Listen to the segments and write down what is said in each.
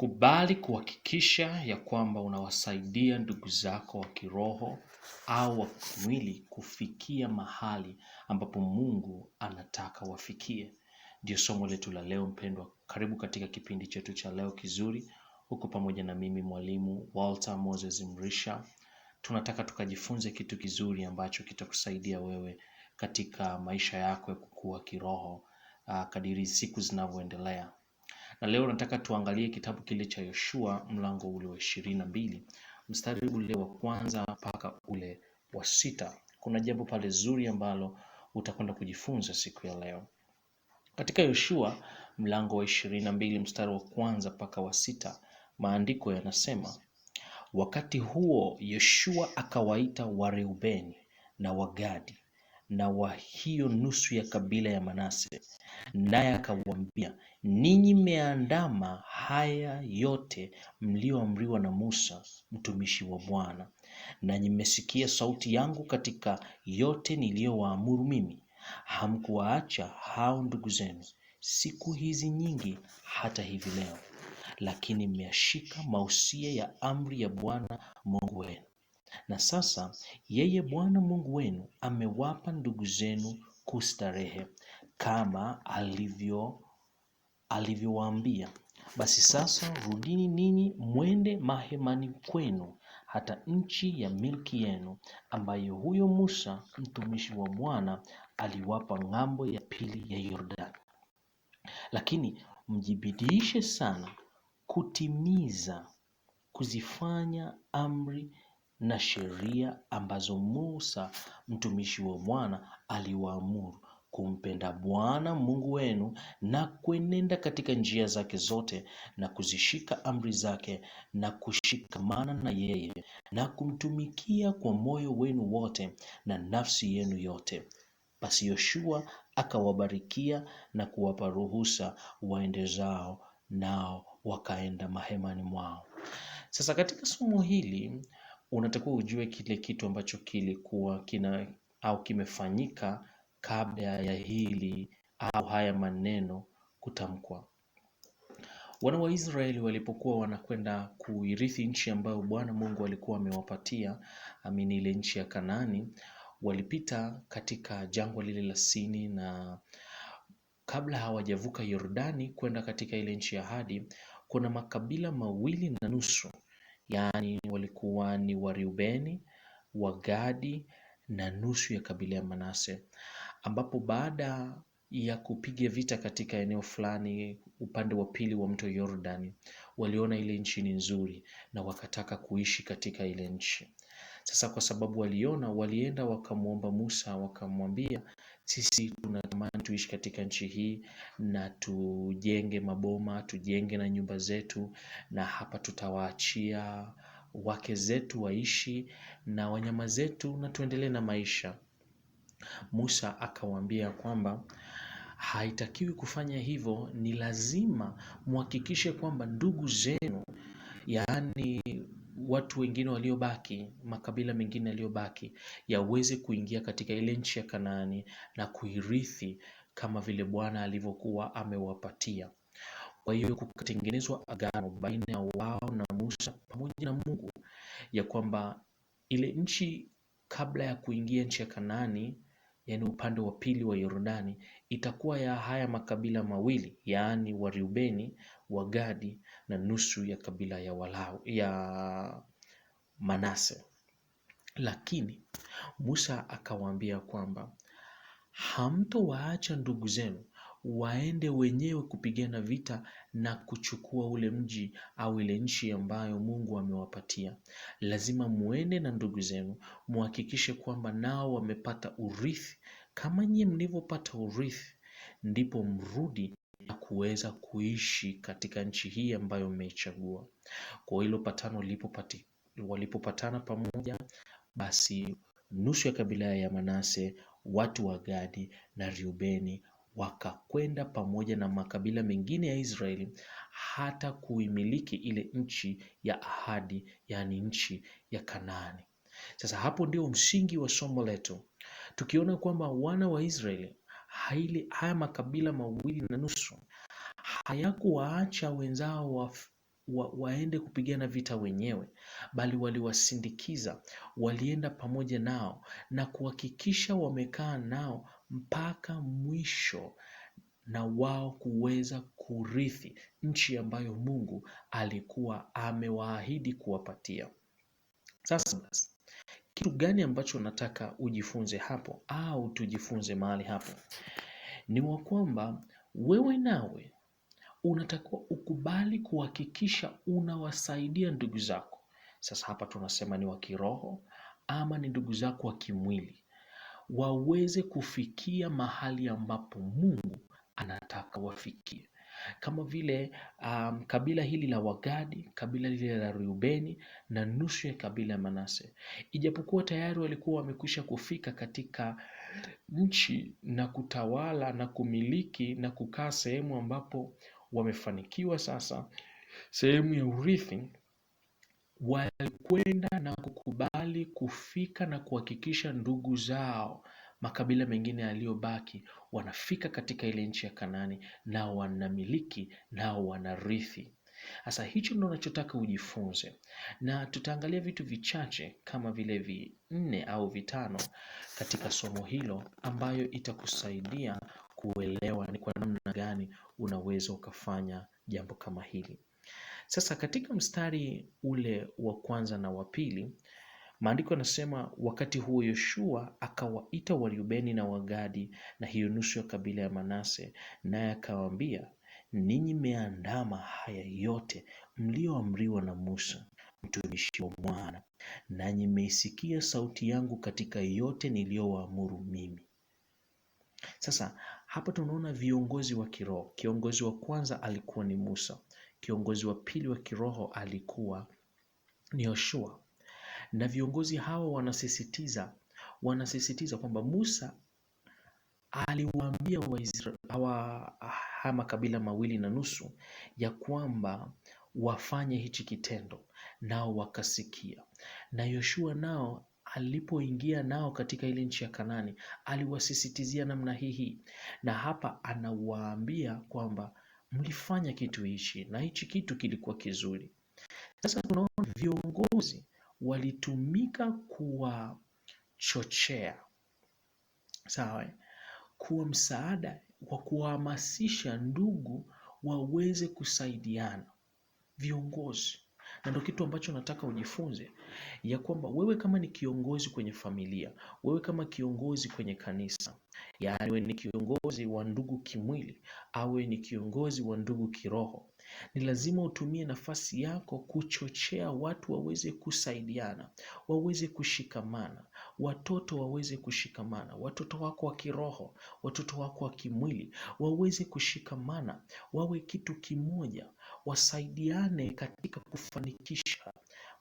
Kubali kuhakikisha ya kwamba unawasaidia ndugu zako wa kiroho au wa kimwili kufikia mahali ambapo Mungu anataka wafikie. Ndio somo letu la leo mpendwa. Karibu katika kipindi chetu cha leo kizuri. Huko pamoja na mimi mwalimu Walter Moses Mrisha. Tunataka tukajifunze kitu kizuri ambacho kitakusaidia wewe katika maisha yako ya kukua kiroho ah, kadiri siku zinavyoendelea. Na leo nataka tuangalie kitabu kile cha Yoshua mlango ule wa ishirini na mbili mstari ule wa kwanza mpaka ule wa sita. Kuna jambo pale zuri ambalo utakwenda kujifunza siku ya leo katika Yoshua mlango wa ishirini na mbili mstari wa kwanza mpaka wa sita. Maandiko yanasema, wakati huo Yoshua akawaita Wareubeni na Wagadi na wa hiyo nusu ya kabila ya Manase naye akamwambia, ninyi mmeandama haya yote mlioamriwa na Musa mtumishi wa Bwana, na nimesikia sauti yangu katika yote niliyowaamuru mimi. Hamkuwaacha hao ndugu zenu siku hizi nyingi hata hivi leo, lakini mmeyashika mausia ya amri ya Bwana Mungu wenu. Na sasa yeye Bwana Mungu wenu amewapa ndugu zenu kustarehe kama alivyowaambia. Basi sasa rudini ninyi mwende mahemani kwenu, hata nchi ya milki yenu, ambayo huyo Musa mtumishi wa Bwana aliwapa ng'ambo ya pili ya Yordani. Lakini mjibidiishe sana kutimiza kuzifanya amri na sheria ambazo Musa mtumishi wa Bwana aliwaamuru, kumpenda Bwana Mungu wenu na kuenenda katika njia zake zote na kuzishika amri zake na kushikamana na yeye na kumtumikia kwa moyo wenu wote na nafsi yenu yote. Basi Yoshua akawabarikia na kuwapa ruhusa waende zao, nao wakaenda mahemani mwao. Sasa katika somo hili unatakiwa ujue kile kitu ambacho kilikuwa kina au kimefanyika kabla ya hili au haya maneno kutamkwa. Wana wa Israeli walipokuwa wanakwenda kuirithi nchi ambayo Bwana Mungu alikuwa amewapatia, amini ile nchi ya Kanaani, walipita katika jangwa lile la Sini na kabla hawajavuka Yordani kwenda katika ile nchi ya ahadi, kuna makabila mawili na nusu, yaani walikuwa ni wariubeni Wagadi na nusu ya kabila ya Manase ambapo baada ya kupiga vita katika eneo fulani upande wa pili wa mto yordan waliona ile nchi ni nzuri na wakataka kuishi katika ile nchi. Sasa kwa sababu waliona, walienda wakamwomba Musa, wakamwambia sisi tunatamani tuishi katika nchi hii na tujenge maboma, tujenge na nyumba zetu, na hapa tutawaachia wake zetu waishi na wanyama zetu, na tuendelee na maisha. Musa akawaambia kwamba haitakiwi kufanya hivyo, ni lazima muhakikishe kwamba ndugu zenu, yaani watu wengine waliobaki, makabila mengine yaliyobaki yaweze kuingia katika ile nchi ya Kanaani na kuirithi kama vile Bwana alivyokuwa amewapatia. Kwa hiyo kukatengenezwa agano baina ya wao na Musa pamoja na Mungu ya kwamba ile nchi kabla ya kuingia nchi ya Kanaani yani upande wa pili wa Yordani itakuwa ya haya makabila mawili yaani wa Wagadi na nusu ya kabila ya Walau, ya Manase. Lakini Musa akawaambia kwamba hamtowaacha ndugu zenu waende wenyewe kupigana vita na kuchukua ule mji au ile nchi ambayo Mungu amewapatia. Lazima muende na ndugu zenu, muhakikishe kwamba nao wamepata urithi kama nyie mlivyopata urithi, ndipo mrudi na kuweza kuishi katika nchi hii ambayo mmeichagua. Kwa hilo patano lipopati, walipopatana pamoja, basi nusu ya kabila ya Manase, watu wa Gadi na riubeni wakakwenda pamoja na makabila mengine ya Israeli hata kuimiliki ile nchi ya ahadi, yaani nchi ya Kanaani. Sasa hapo ndio msingi wa somo letu, tukiona kwamba wana wa Israeli haili haya makabila mawili na nusu hayakuwaacha wenzao wa wa, waende kupigana vita wenyewe, bali waliwasindikiza, walienda pamoja nao na kuhakikisha wamekaa nao mpaka mwisho na wao kuweza kurithi nchi ambayo Mungu alikuwa amewaahidi kuwapatia. Sasa basi, kitu gani ambacho nataka ujifunze hapo au tujifunze mahali hapo? Ni wa kwamba wewe nawe unatakiwa ukubali kuhakikisha unawasaidia ndugu zako. Sasa hapa tunasema ni wa kiroho ama ni ndugu zako wa kimwili waweze kufikia mahali ambapo Mungu anataka wafikie. Kama vile um, kabila hili la Wagadi, kabila lile la Reubeni na nusu ya kabila ya Manase, ijapokuwa tayari walikuwa wamekwisha kufika katika nchi na kutawala na kumiliki na kukaa sehemu ambapo wamefanikiwa sasa, sehemu ya urithi, walikwenda na kukubali kufika na kuhakikisha ndugu zao makabila mengine yaliyobaki wanafika katika ile nchi ya Kanani na wanamiliki na wanarithi. Sasa hicho ndo unachotaka ujifunze, na tutaangalia vitu vichache kama vile vinne au vitano katika somo hilo ambayo itakusaidia kuelewa ni kwa namna gani unaweza ukafanya jambo kama hili. Sasa katika mstari ule wa kwanza na wa pili maandiko yanasema, wakati huo Yoshua akawaita Warubeni na Wagadi na hiyo nusu ya kabila ya Manase, naye akawaambia, ninyi mmeandama haya yote mliyoamriwa na Musa mtumishi wa Bwana, nanyi mmeisikia sauti yangu katika yote niliyowaamuru mimi. Sasa hapa tunaona viongozi wa kiroho. Kiongozi wa kwanza alikuwa ni Musa. Kiongozi wa pili wa kiroho alikuwa ni Yoshua, na viongozi hawa wanasisitiza wanasisitiza kwamba Musa aliwaambia hawa haya makabila mawili na nusu ya kwamba wafanye hichi kitendo, nao wakasikia. Na Yoshua nao alipoingia nao katika ile nchi ya Kanani aliwasisitizia namna hii hii, na hapa anawaambia kwamba mlifanya kitu hichi na hichi kitu kilikuwa kizuri. Sasa tunaona viongozi walitumika kuwachochea, sawa, kuwa msaada wa kuwahamasisha ndugu waweze kusaidiana, viongozi. Na ndio kitu ambacho nataka ujifunze ya kwamba wewe kama ni kiongozi kwenye familia, wewe kama kiongozi kwenye kanisa, Yaani ni kiongozi wa ndugu kimwili, awe ni kiongozi wa ndugu kiroho. Ni lazima utumie nafasi yako kuchochea watu waweze kusaidiana, waweze kushikamana, watoto waweze kushikamana, watoto wako wa kiroho, watoto wako wa kimwili, waweze kushikamana, wawe kitu kimoja, wasaidiane katika kufanikisha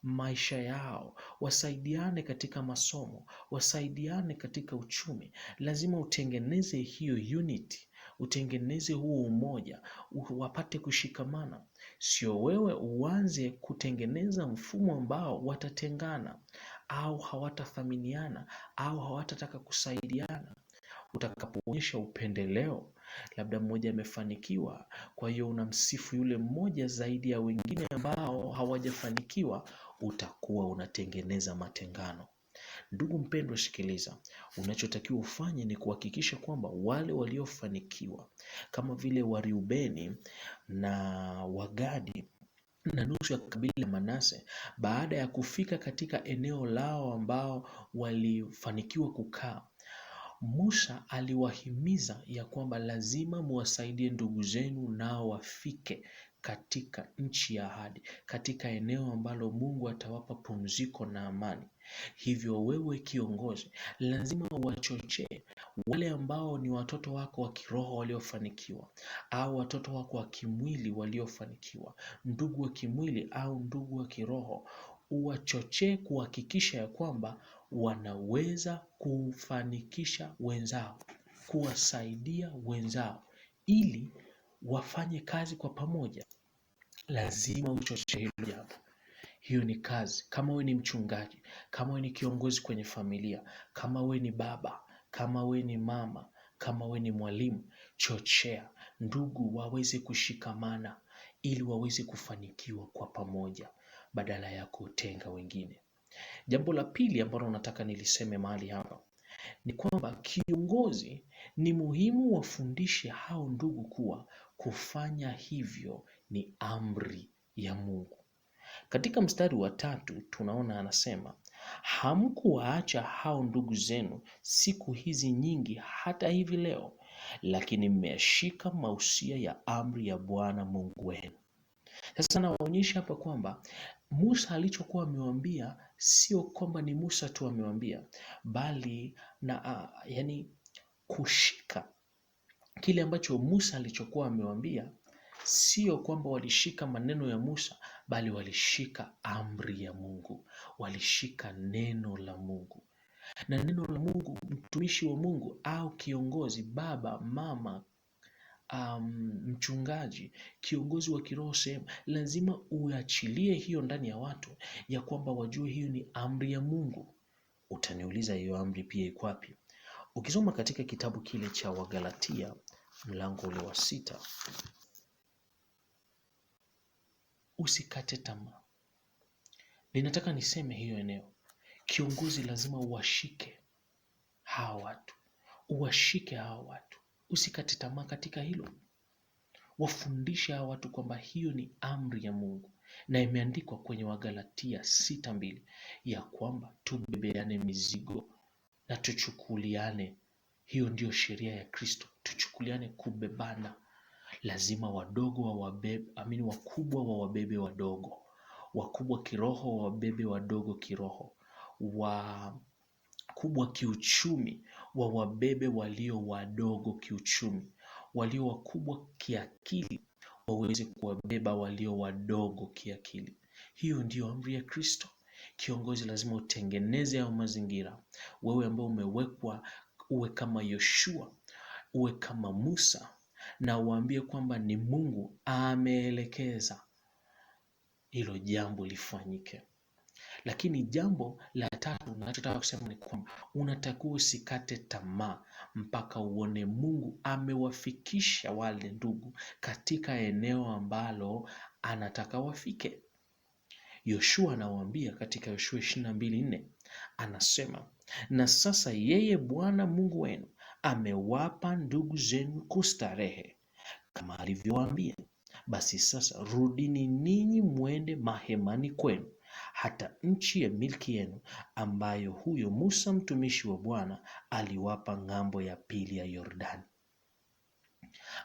maisha yao, wasaidiane katika masomo, wasaidiane katika uchumi. Lazima utengeneze hiyo unity, utengeneze huo umoja, wapate kushikamana. Sio wewe uanze kutengeneza mfumo ambao watatengana au hawatathaminiana au hawatataka kusaidiana. Utakapoonyesha upendeleo labda mmoja amefanikiwa, kwa hiyo unamsifu yule mmoja zaidi ya wengine ambao hawajafanikiwa, utakuwa unatengeneza matengano. Ndugu mpendwa, shikiliza unachotakiwa ufanye ni kuhakikisha kwamba wale waliofanikiwa kama vile Wariubeni na Wagadi na nusu ya kabila la Manase, baada ya kufika katika eneo lao ambao walifanikiwa kukaa, Musa aliwahimiza ya kwamba lazima muwasaidie ndugu zenu nao wafike katika nchi ya ahadi, katika eneo ambalo Mungu atawapa pumziko na amani. Hivyo wewe kiongozi, lazima uwachochee wale ambao ni watoto wako wa kiroho waliofanikiwa, au watoto wako wa kimwili waliofanikiwa, ndugu wa kimwili au ndugu wa kiroho, uwachochee kuhakikisha ya kwamba wanaweza kufanikisha wenzao, kuwasaidia wenzao ili wafanye kazi kwa pamoja. Lazima uchochee hilo jambo. Hiyo ni kazi. Kama we ni mchungaji, kama we ni kiongozi kwenye familia, kama we ni baba, kama we ni mama, kama we ni mwalimu, chochea ndugu waweze kushikamana ili waweze kufanikiwa kwa pamoja badala ya kutenga wengine. Jambo la pili ambalo nataka niliseme mahali hapa ni kwamba kiongozi ni muhimu wafundishe hao ndugu kuwa kufanya hivyo ni amri ya Mungu. Katika mstari wa tatu tunaona anasema, hamkuwaacha hao ndugu zenu siku hizi nyingi hata hivi leo, lakini mmeshika mausia ya amri ya Bwana Mungu wenu. Sasa nawaonyesha hapa kwamba Musa alichokuwa amewambia sio kwamba ni Musa tu amewambia, bali na yani kushika kile ambacho Musa alichokuwa amewambia, sio kwamba walishika maneno ya Musa, bali walishika amri ya Mungu, walishika neno la Mungu na neno la Mungu, mtumishi wa Mungu au kiongozi, baba, mama, um, mchungaji, kiongozi wa kiroho sehemu, lazima uachilie hiyo ndani ya watu ya kwamba wajue hiyo ni amri ya Mungu. Utaniuliza hiyo amri pia iko wapi? Ukisoma katika kitabu kile cha Wagalatia mlango ule wa sita, usikate tamaa. Ninataka niseme hiyo eneo, kiongozi lazima uwashike hawa watu, uwashike hawa watu usikate tamaa katika hilo. Wafundisha watu kwamba hiyo ni amri ya Mungu na imeandikwa kwenye Wagalatia sita mbili ya kwamba tubebeane mizigo na tuchukuliane. Hiyo ndiyo sheria ya Kristo, tuchukuliane, kubebana. Lazima wadogo wa wabebe, amini, wakubwa wa wabebe wadogo, wakubwa kiroho wa wabebe wadogo kiroho wa wakubwa kiuchumi wawabebe walio wadogo kiuchumi, walio wakubwa kiakili waweze kuwabeba walio wadogo kiakili. Hiyo ndiyo amri ya Kristo. Kiongozi lazima utengeneze hayo mazingira. Wewe ambao umewekwa uwe kama Yoshua, uwe kama Musa na uambie kwamba ni Mungu ameelekeza hilo jambo lifanyike. Lakini jambo la tatu nachotaka kusema ni kwamba unatakiwa usikate tamaa mpaka uone Mungu amewafikisha wale ndugu katika eneo ambalo anataka wafike. Yoshua anawaambia katika Yoshua 22:4 anasema, na sasa yeye Bwana Mungu wenu amewapa ndugu zenu kustarehe kama alivyowaambia. Basi sasa rudini ninyi mwende mahemani kwenu hata nchi ya milki yenu ambayo huyo Musa mtumishi wa Bwana aliwapa ng'ambo ya pili ya Yordani.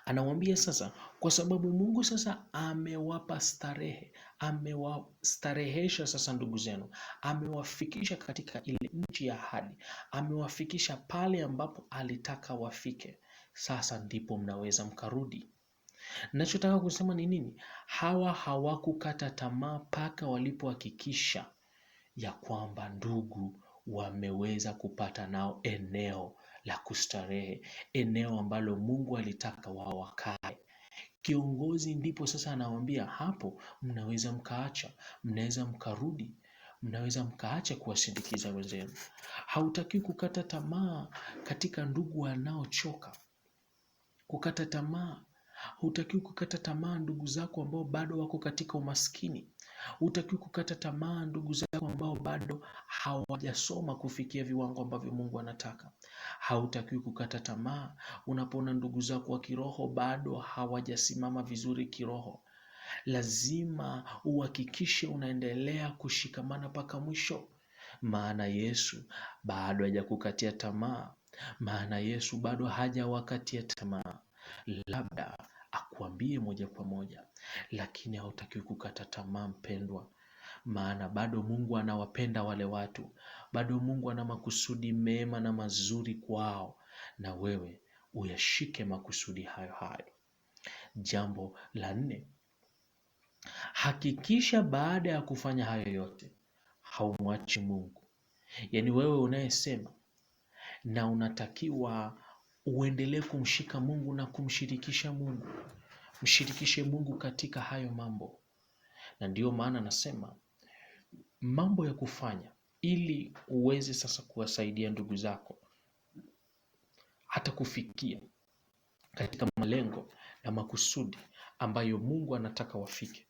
Anawaambia sasa, kwa sababu Mungu sasa amewapa starehe, amewastarehesha sasa ndugu zenu, amewafikisha katika ile nchi ya ahadi, amewafikisha pale ambapo alitaka wafike. Sasa ndipo mnaweza mkarudi Nachotaka kusema ni nini? Hawa hawakukata tamaa mpaka walipohakikisha ya kwamba ndugu wameweza kupata nao eneo la kustarehe, eneo ambalo Mungu alitaka wao wakae. Kiongozi ndipo sasa anawaambia hapo, mnaweza mkaacha, mnaweza mkarudi, mnaweza mkaacha kuwasindikiza wenzenu. Hautakiwi kukata tamaa katika ndugu wanaochoka, kukata tamaa Hutakiwi kukata tamaa ndugu zako ambao bado wako katika umaskini. Hutakiwi kukata tamaa ndugu zako ambao bado hawajasoma kufikia viwango ambavyo Mungu anataka. Hautakiwi kukata tamaa unapoona ndugu zako wa kiroho bado hawajasimama vizuri kiroho. Lazima uhakikishe unaendelea kushikamana mpaka mwisho, maana Yesu bado hajakukatia tamaa, maana Yesu bado hajawakatia tamaa. Labda akuambie moja kwa moja, lakini hautakiwi kukata tamaa mpendwa. Maana bado Mungu anawapenda wale watu, bado Mungu ana makusudi mema na mazuri kwao, na wewe uyashike makusudi hayo hayo. Jambo la nne, hakikisha baada ya kufanya hayo yote haumwachi Mungu. Yaani wewe unayesema na unatakiwa uendelee kumshika Mungu na kumshirikisha Mungu. Mshirikishe Mungu katika hayo mambo, na ndiyo maana nasema mambo ya kufanya ili uweze sasa kuwasaidia ndugu zako hata kufikia katika malengo na makusudi ambayo Mungu anataka wafike.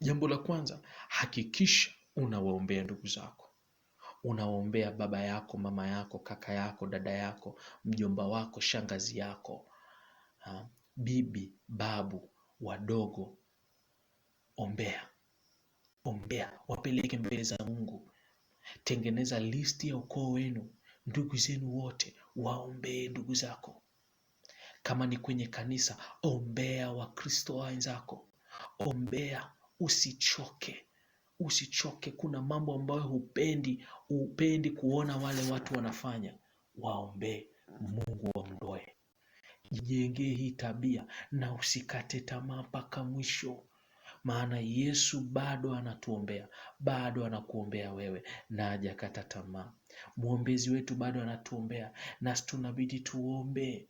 Jambo la kwanza, hakikisha unawaombea ndugu zako unaombea baba yako, mama yako, kaka yako, dada yako, mjomba wako, shangazi yako, bibi, babu, wadogo, ombea, ombea, wapeleke mbele za Mungu. Tengeneza listi ya ukoo wenu, ndugu zenu wote, waombee ndugu zako. Kama ni kwenye kanisa, ombea Wakristo wenzako, ombea, usichoke usichoke. Kuna mambo ambayo hupendi, hupendi kuona wale watu wanafanya. Waombee Mungu amdoe. Jijengee hii tabia na usikate tamaa mpaka mwisho, maana Yesu bado anatuombea, bado anakuombea wewe na hajakata tamaa. Mwombezi wetu bado anatuombea, nasi tunabidi tuombe,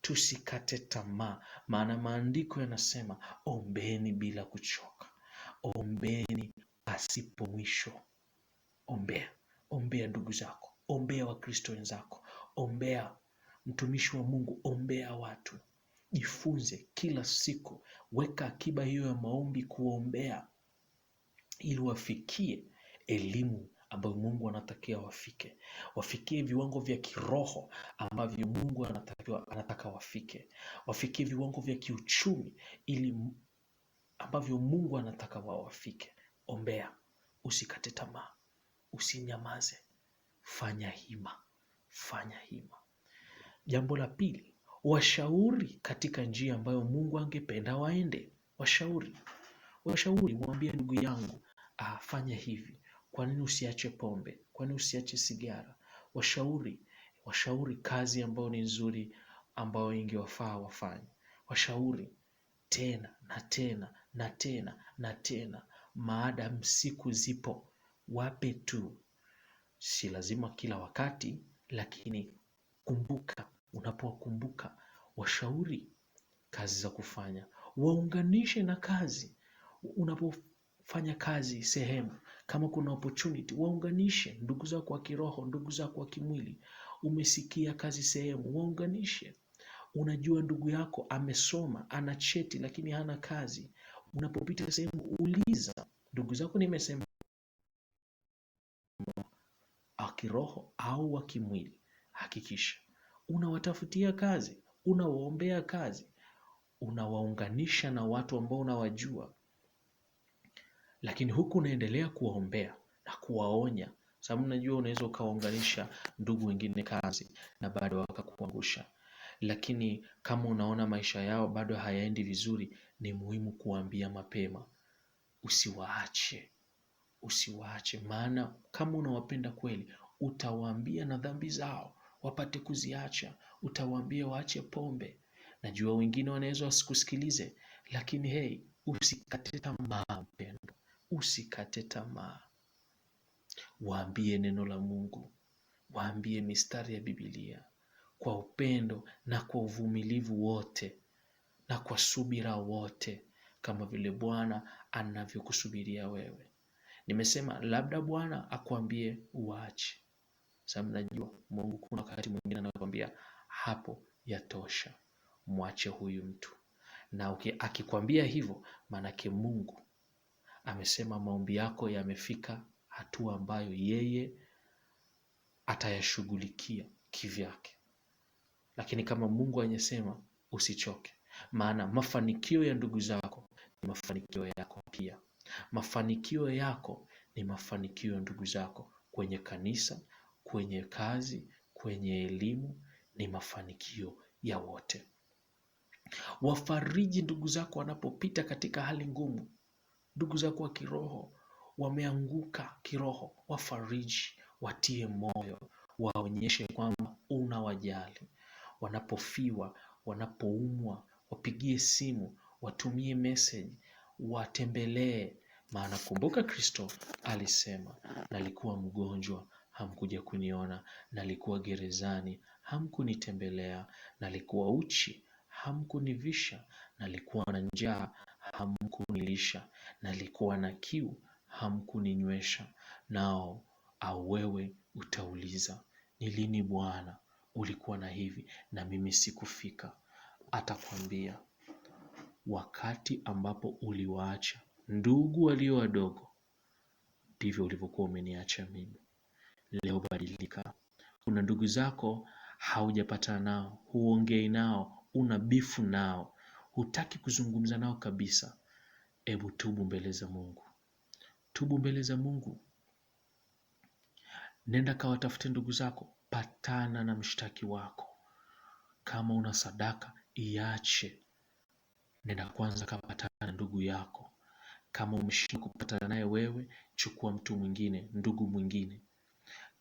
tusikate tamaa, maana maandiko yanasema, ombeni bila kuchoka, ombeni pasipo mwisho. Ombea, ombea ndugu zako, ombea Wakristo wenzako, ombea mtumishi wa Mungu, ombea watu. Jifunze kila siku, weka akiba hiyo ya maombi kuombea, ili wafikie elimu ambayo Mungu anatakia wafike, wafikie viwango vya kiroho ambavyo Mungu anatakiwa, anataka wafike, wafikie viwango vya kiuchumi ili ambavyo Mungu anataka wao wafike. Ombea, usikate tamaa, usinyamaze, fanya hima, fanya hima. Jambo la pili, washauri katika njia ambayo Mungu angependa waende. Washauri, washauri, mwambie ndugu yangu afanye ah, hivi. Kwa nini usiache pombe? Kwa nini usiache sigara? Washauri, washauri kazi ambayo ni nzuri ambayo ingewafaa wafanye. Washauri tena na tena na tena na tena maadam siku zipo, wape tu, si lazima kila wakati, lakini kumbuka, unapowakumbuka washauri kazi za kufanya, waunganishe na kazi. Unapofanya kazi sehemu, kama kuna opportunity, waunganishe ndugu zako wa kiroho, ndugu zako wa kimwili. Umesikia kazi sehemu, waunganishe. Unajua ndugu yako amesoma, ana cheti lakini hana kazi, unapopita sehemu uliza ndugu zako, nimesema wa kiroho au wa kimwili, hakikisha unawatafutia kazi, unawaombea kazi, unawaunganisha na watu ambao unawajua, lakini huku unaendelea kuwaombea na kuwaonya, sababu najua unaweza ukawaunganisha ndugu wengine kazi na bado wakakuangusha lakini kama unaona maisha yao bado hayaendi vizuri ni muhimu kuwaambia mapema. Usiwaache, usiwaache maana kama unawapenda kweli utawaambia na dhambi zao wapate kuziacha, utawaambia waache pombe. Najua wengine wanaweza wasikusikilize lakini hey, usikate tamaa mpendwa. Usikate tamaa. Waambie neno la Mungu. Waambie mistari ya Biblia kwa upendo na kwa uvumilivu wote na kwa subira wote kama vile Bwana anavyokusubiria wewe. Nimesema labda Bwana akwambie uache. Sababu najua Mungu kuna wakati mwingine anakuambia hapo yatosha, mwache huyu mtu. Na uki, akikwambia hivyo, maanake Mungu amesema maombi yako yamefika hatua ambayo yeye atayashughulikia kivyake. Lakini kama Mungu anyesema usichoke, maana mafanikio ya ndugu zako ni mafanikio yako pia. Mafanikio yako ni mafanikio ya ndugu zako kwenye kanisa, kwenye kazi, kwenye elimu, ni mafanikio ya wote. Wafariji ndugu zako wanapopita katika hali ngumu. Ndugu zako wa kiroho wameanguka kiroho, wafariji, watie moyo, waonyeshe kwamba unawajali wanapofiwa, wanapoumwa, wapigie simu, watumie meseji, watembelee. Maana kumbuka, Kristo alisema, nalikuwa mgonjwa hamkuja kuniona, nalikuwa gerezani hamkunitembelea, nalikuwa uchi hamkunivisha, nalikuwa na njaa hamkunilisha, nalikuwa na kiu hamkuninywesha. Nao au wewe utauliza ni lini Bwana ulikuwa na hivi na mimi sikufika. Atakwambia wakati ambapo uliwaacha ndugu walio wadogo ndivyo ulivyokuwa umeniacha mimi. Leo badilika. Kuna ndugu zako haujapatana nao, huongei nao, una bifu nao, hutaki kuzungumza nao kabisa. Ebu tubu mbele za Mungu, tubu mbele za Mungu. Nenda kawatafute ndugu zako, patana na mshtaki wako. Kama una sadaka iache, nenda kwanza kapatana na ndugu yako. Kama umeshindwa kupatana naye wewe, chukua mtu mwingine, ndugu mwingine.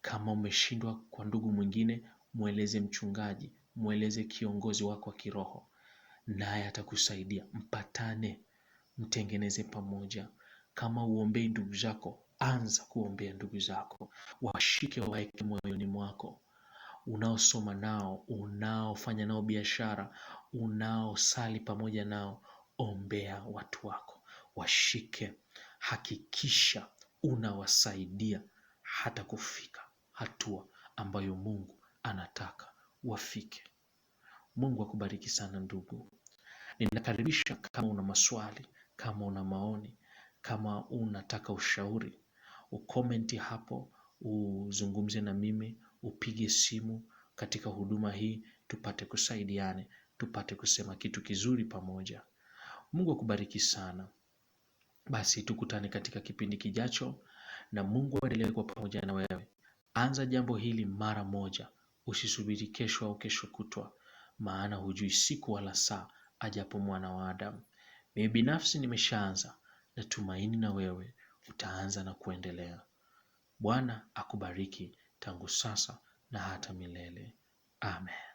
Kama umeshindwa kwa ndugu mwingine, mweleze mchungaji, mweleze kiongozi wako wa kiroho, naye atakusaidia. Mpatane, mtengeneze pamoja. Kama uombei ndugu zako, anza kuombea ndugu zako, washike, waeke moyoni mwako unaosoma nao, unaofanya nao biashara, unaosali pamoja nao, ombea watu wako, washike, hakikisha unawasaidia hata kufika hatua ambayo Mungu anataka wafike. Mungu akubariki sana ndugu. Ninakaribisha kama una maswali, kama una maoni, kama unataka ushauri, ukomenti hapo, uzungumze na mimi upige simu katika huduma hii, tupate kusaidiane, tupate kusema kitu kizuri pamoja. Mungu akubariki sana. Basi tukutane katika kipindi kijacho, na Mungu aendelee kuwa pamoja na wewe. Anza jambo hili mara moja, usisubiri kesho au kesho kutwa, maana hujui siku wala saa ajapo mwana wa Adamu. Mimi binafsi nimeshaanza, natumaini na wewe utaanza na kuendelea. Bwana akubariki tangu sasa na hata milele. Amen.